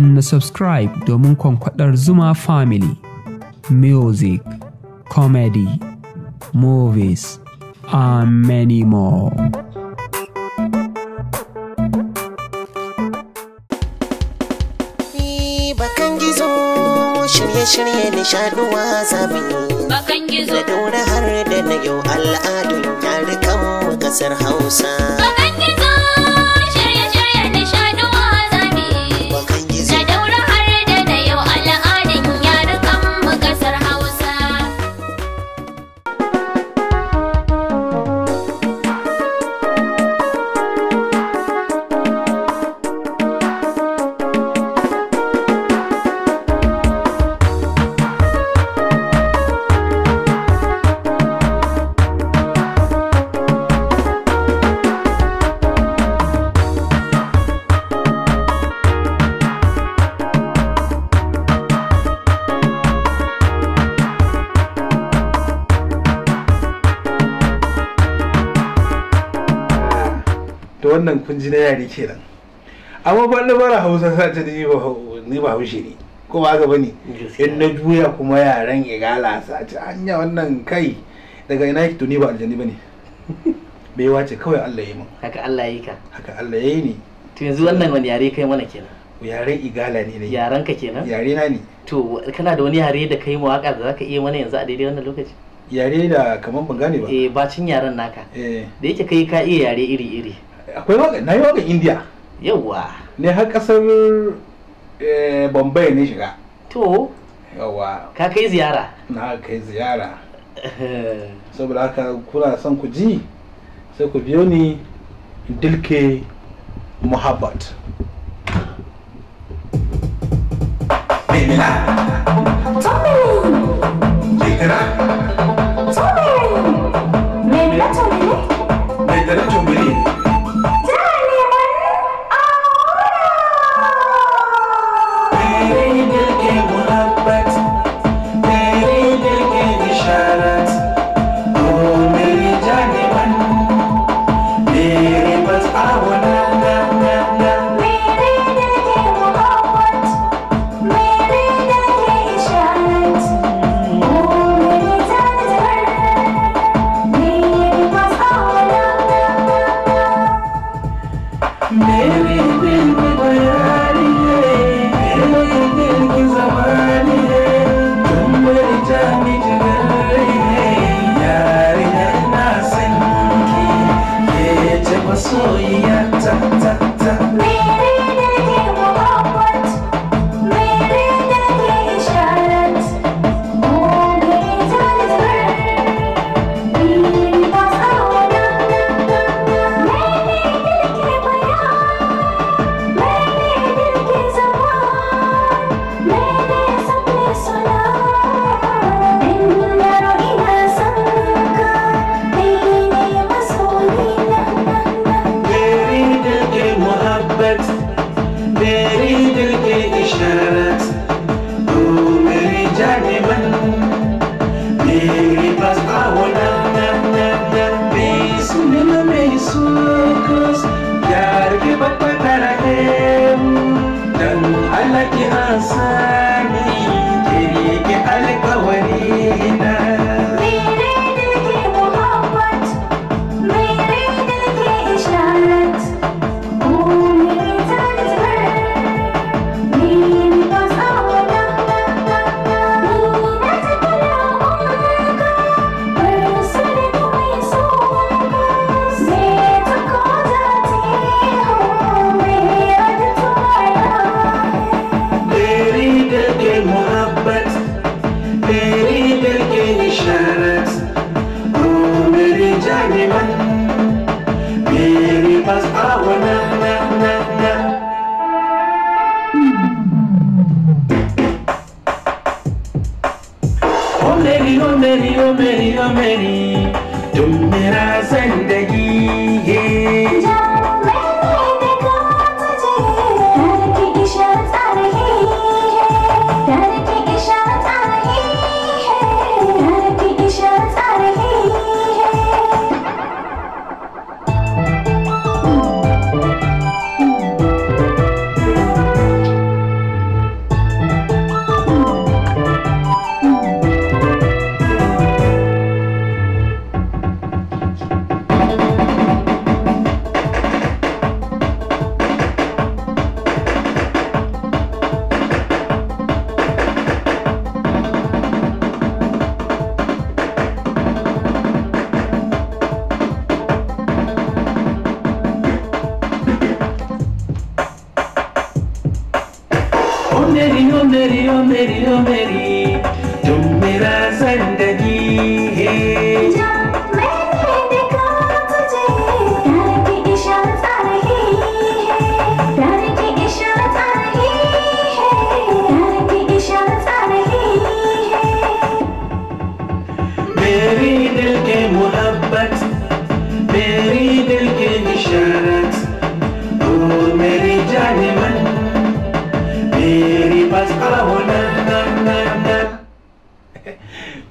na subscribe domin kwankwadar Zuma Family. Music, comedy, movies, and many more. Bakan gizo shirye-shirye nishaduwa sabini. Bakan gizo. Da daura har da na yau al'adun yarukan kasar Hausa. to wannan kun ji na yare kenan amma ban na bara hausa sa ta ni ba haushe ne ko ba haka bane in na juya kuma yaran igala sa ta hanya wannan kai daga ina ki to ni ba aljani bane bai wace kawai Allah ya min. haka Allah ya yi ka haka Allah ya yi ni to yanzu wannan wani yare kai mana kenan yaren igala ne ne yaren ka kenan yare na ne to kana da wani yare da kai mawaka da zaka iya mana yanzu a daidai wannan lokaci yare da kaman ban gane ba eh bacin yaren naka eh da yake kai ka iya yare iri iri akwai na yi waka india yawa ne har ƙasar eh, bombay ne shiga to yawa ka kai ziyara na kai ziyara saboda haka kuna son ku ji sai ku biyo ni dilke muhabbat Tommy! Tommy! Tommy! ओ मेरी ओ मेरी ओ मेरी तुम मेरा जिंदगी है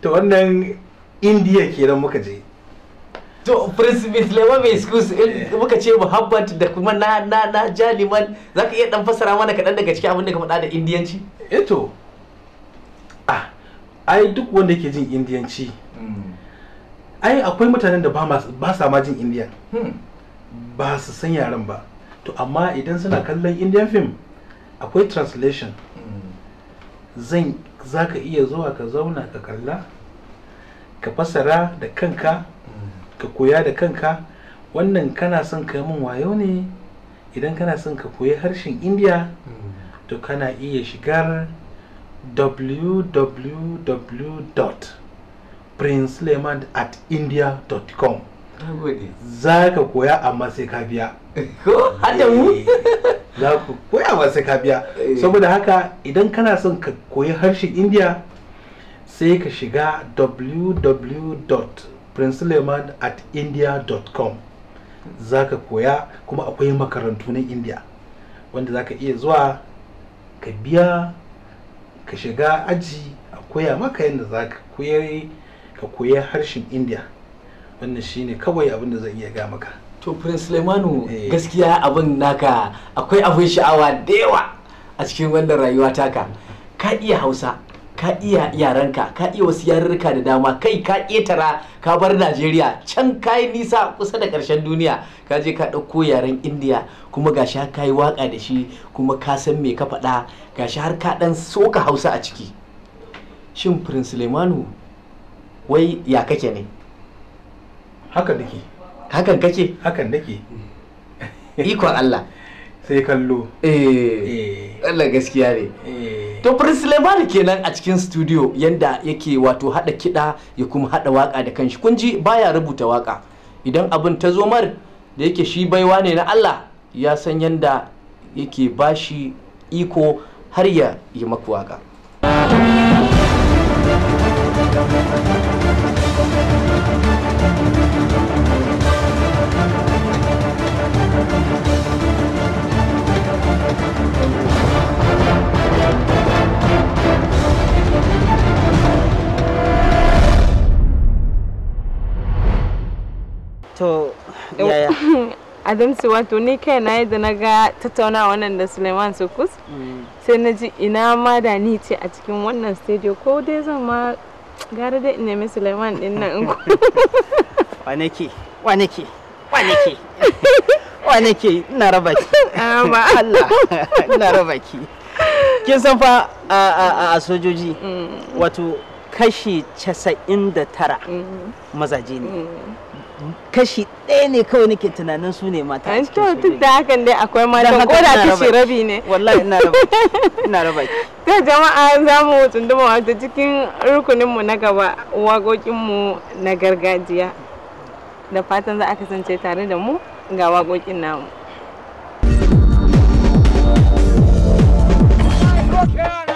to wannan indiya kenan muka je to prince lewa mai skus eh. muka ce muhabbat da kuma na na na jaliman za ka iya dan fasara mana kaɗan daga cikin abin da ka faɗa da indiyanci eto eh ah ai duk wanda ke jin indiyanci hmm. ai akwai mutanen da ba sa ma jin indiyan hmm. ba su san yaren ba to amma idan suna kallon indian film akwai translation hmm. zan za ka iya zuwa ka zauna ka kalla ka fasara da kanka ka koya da kanka wannan kana son ka min wayo ne idan kana son ka koyi harshen indiya to kana iya shigar www.princelemandatindia.com za ka koya amma sai ka biya ko za ku koya sai ka biya eh. saboda haka idan kana son ka koyi harshen indiya sai ka shiga www.princeleman@india.com, za ka koya kuma akwai makarantu na indiya wanda za ka iya zuwa ka biya ka shiga aji a koya maka yadda za ka koya harshen indiya wannan shine kawai abin da zan iya ga maka to prince lemanu eh. gaskiya abin naka akwai abin sha'awa da yawa a cikin wannan rayuwa taka ka iya hausa ka iya yaranka ka iya wasu yarurruka da dama kai ka ƙetara ka bar najeriya can ka nisa kusa da ƙarshen duniya ka je ka ɗauko yaren indiya kuma ga shi ka yi waƙa da shi kuma ka san me ka faɗa ga shi har ka ɗan soka hausa a ciki shin prince lemanu wai ya kake ne haka ke. hakan kake hakan nake ikon Allah sai kallo eh, eh. Allah gaskiya ne eh. to Prince Lebar kenan a cikin studio yanda yake wato hada kida ya kuma hada waka da kanshi kun ji baya rubuta waka idan abin ta zo mar da yake shi baiwa ne na Allah ya san yanda yake bashi iko har ya yi maku waka su wato ni kai na yadda na ga tattauna wannan da suleiman Sokus. sai na ji ina ma da ni ce a cikin wannan studio ko dai zan ma gara dai in nemi suleiman din nan wane ke wane ke wane ke wane ke ina raba ki amma Allah ina raba ki kin san fa a sojoji mm. wato kashi casa'in da tara mm-hmm. mazaje ne mm-hmm. kashi ɗaya ne kawai nake tunanin su ne mata a cikin su da hakan dai akwai mata ko da kashi rabi ne wallahi ina raba ina raba ta jama'a za mu tunduma wata cikin rukunin mu na gaba wagokin mu na gargajiya da fatan za a kasance tare da mu ga wagokin namu Yeah.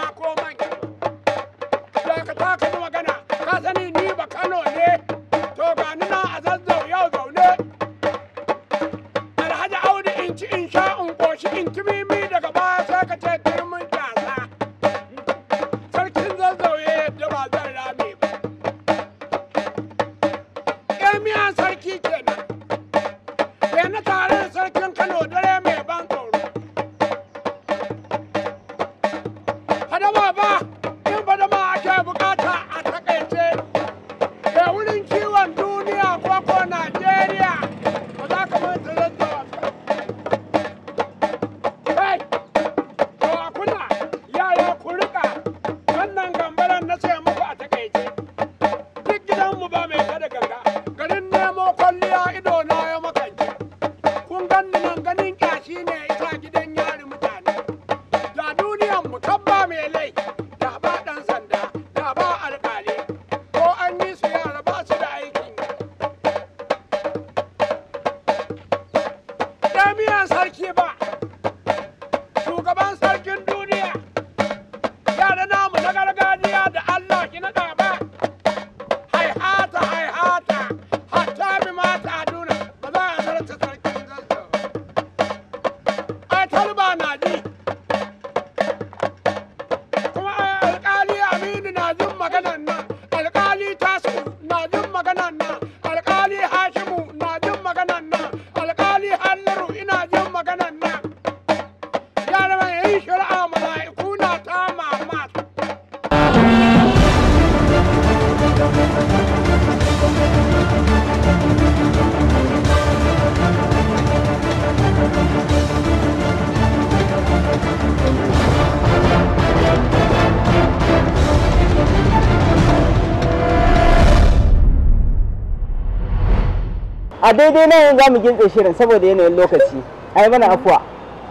a daidai na yin zamu gintse shirin saboda yanayin lokaci a yi mana afuwa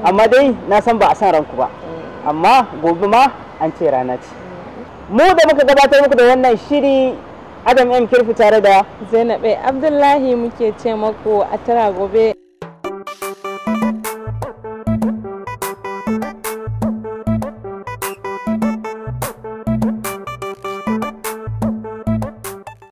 amma dai na san ba a san ranku ba amma gobe ma an ce rana ce mu da muka gabatar muku da wannan shiri adam m kirfi tare da zainabai abdullahi muke ce mako a tara gobe